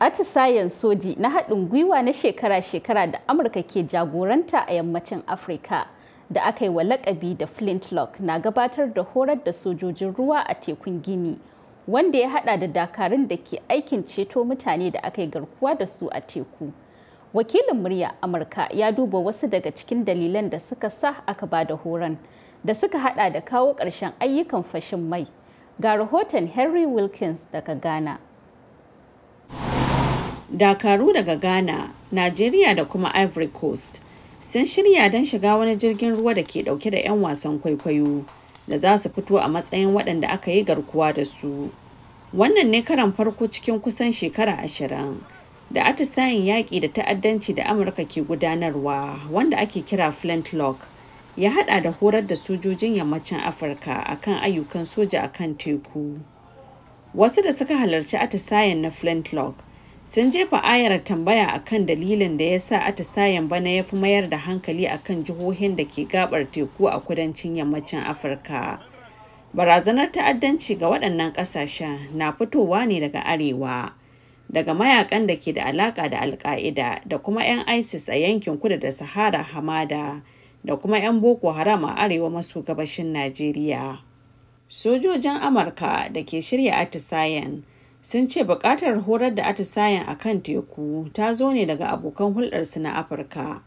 atisayen soji na haɗin gwiwa na shekara-shekara da amurka ke jagoranta a yammacin afirka da aka yi wa lakabi da flintlock na gabatar da horar da sojojin ruwa a tekun gini wanda ya hada da dakarun da ke aikin ceto mutane da aka yi garkuwa da su a teku wakilin murya amurka ya duba wasu daga cikin dalilan da suka sa aka ba da horon da suka hada da kawo ƙarshen ayyukan fashin mai ga rahoton henry wilkins daga ghana dakaru daga ghana najeriya da kuma ivory coast sun shirya don shiga wani jirgin ruwa da ke dauke da 'yan wasan kwaikwayo da za su fito a matsayin waɗanda aka yi garkuwa da su wannan ne karan farko cikin kusan shekara ashirin da atisayen yaƙi da ta'addanci da amurka ke gudanarwa wanda ake kira flintlock ya hada da horar da sojojin yammacin afirka akan ayyukan soja akan teku wasu da suka halarci atisayen na flintlock sun jefa ayar tambaya akan dalilin da ya sa atisayen bana ya fi mayar da hankali a kan jihohin da ke gabar teku a kudancin yammacin afirka barazanar ta'addanci ga waɗannan ƙasashen na fitowa ne daga arewa daga mayakan da ke da alaƙa da alƙa'ida da kuma 'yan isis a yankin kudu da sahara hamada da kuma 'yan boko haram a arewa maso gabashin najeriya sojojin amurka da ke shirya atisayen sun ce bukatar horar da atisayen a kan teku ta zo ne daga abokan hulɗarsu na afirka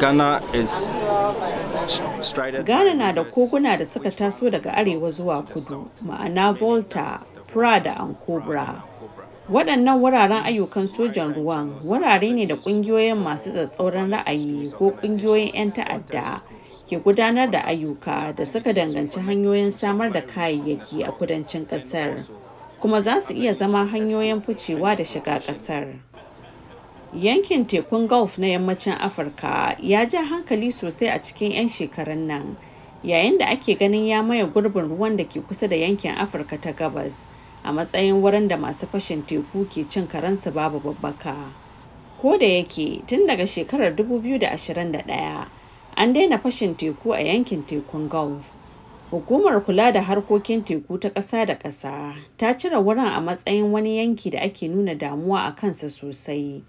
ghana na da koguna da suka taso daga arewa zuwa kudu ma'ana volta prada da ankobra waɗannan wuraren ayyukan sojan ruwan wurare ne da ƙungiyoyin masu tsatsauran ra'ayi ko ƙungiyoyin 'yan ta'adda ke gudanar da ayyuka da suka danganci hanyoyin samar da kayayyaki a kudancin ƙasar. kuma za su iya zama hanyoyin ficewa da shiga ƙasar. Yankin tekun Gulf na yammacin Afirka ya ja hankali sosai a cikin 'yan shekarun nan, yayin da ake ganin ya maye gurbin ruwan da ke kusa da yankin Afirka ta gabas a matsayin wurin da masu fashin teku ke cin karensu babu babbaka. Ko da yake tun daga shekarar 2021 an daina fashin teku a yankin tekun Gulf. Hukumar kula da harkokin teku ta ƙasa da ƙasa ta cire wurin a matsayin wani yanki da ake nuna damuwa a kansa sosai.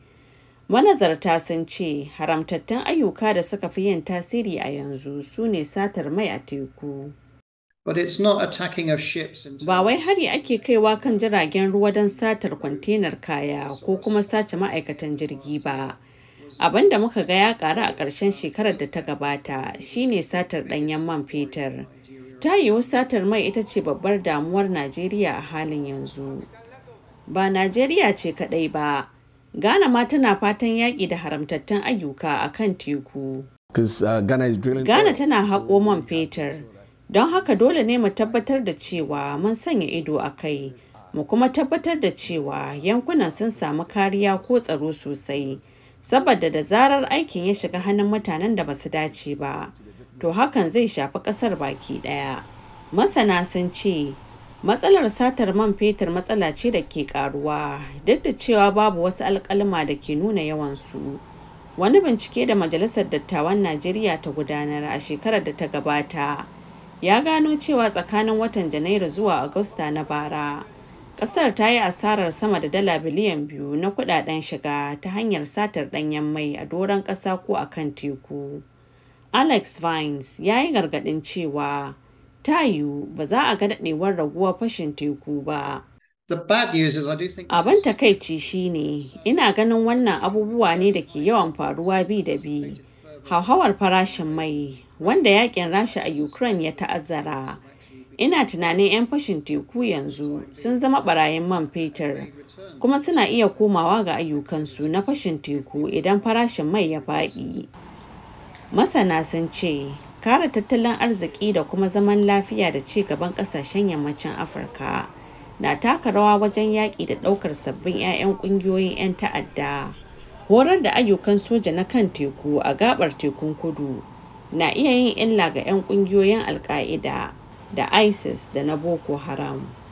Manazarta sun ce haramtattun ayyuka da suka fi yin tasiri a yanzu su ne satar mai a teku. But it's ships Ba wai hari ake kaiwa kan jiragen ruwa don satar kwantenar kaya ko kuma sace ma'aikatan jirgi ba. Abin da muka ga ya ƙaru a ƙarshen shekarar da ta gabata shine satar ɗanyen man fetur. ta yiwu satar mai ita ce babbar damuwar najeriya a halin yanzu ba najeriya ce kadai ba ghana ma tana fatan yaƙi da haramtattun ayyuka a kan teku uh, ghana tana haƙo man fetur don haka dole ne mu tabbatar da cewa mun sanya ido a kai mu kuma tabbatar da cewa yankunan sun samu kariya ko tsaro sosai saboda da zarar aikin ya shiga hannun mutanen da basu dace ba to hakan zai shafi ƙasar baki ɗaya. Masana sun ce, matsalar satar man fetur matsala ce da ke ƙaruwa duk da cewa babu wasu alkalma da ke nuna yawansu. Wani bincike da Majalisar Dattawan Najeriya ta gudanar a shekarar da ta gabata ya gano cewa tsakanin watan Janairu zuwa Agusta na bara, ƙasar ta yi asarar sama da dala biliyan biyu na kudaden shiga ta hanyar satar ɗanyen mai a doron ƙasa ko a kan teku. alex vines ya yi gargadin cewa ta yiwu ba za a ga daɗewar raguwar fashin teku ba abin takaici shine ina ganin wannan abubuwa ne da ke yawan faruwa bi da bi hauhawar farashin mai wanda yakin rasha a ukraine ya ta'azzara ina tunanin 'yan fashin teku yanzu sun zama barayin man fetur kuma suna iya komawa ga ayyukansu na fashin teku idan farashin mai ya faɗi. masana sun ce kare tattalin arziki da kuma zaman lafiya da ci gaban kasashen yammacin afirka na taka rawa wajen yaƙi da ɗaukar sabbin 'ya'yan ƙungiyoyin 'yan ta'adda horar da ayyukan soja na kan teku a gabar tekun kudu na iya yin illa ga 'yan ƙungiyoyin alka'ida da isis da na boko haram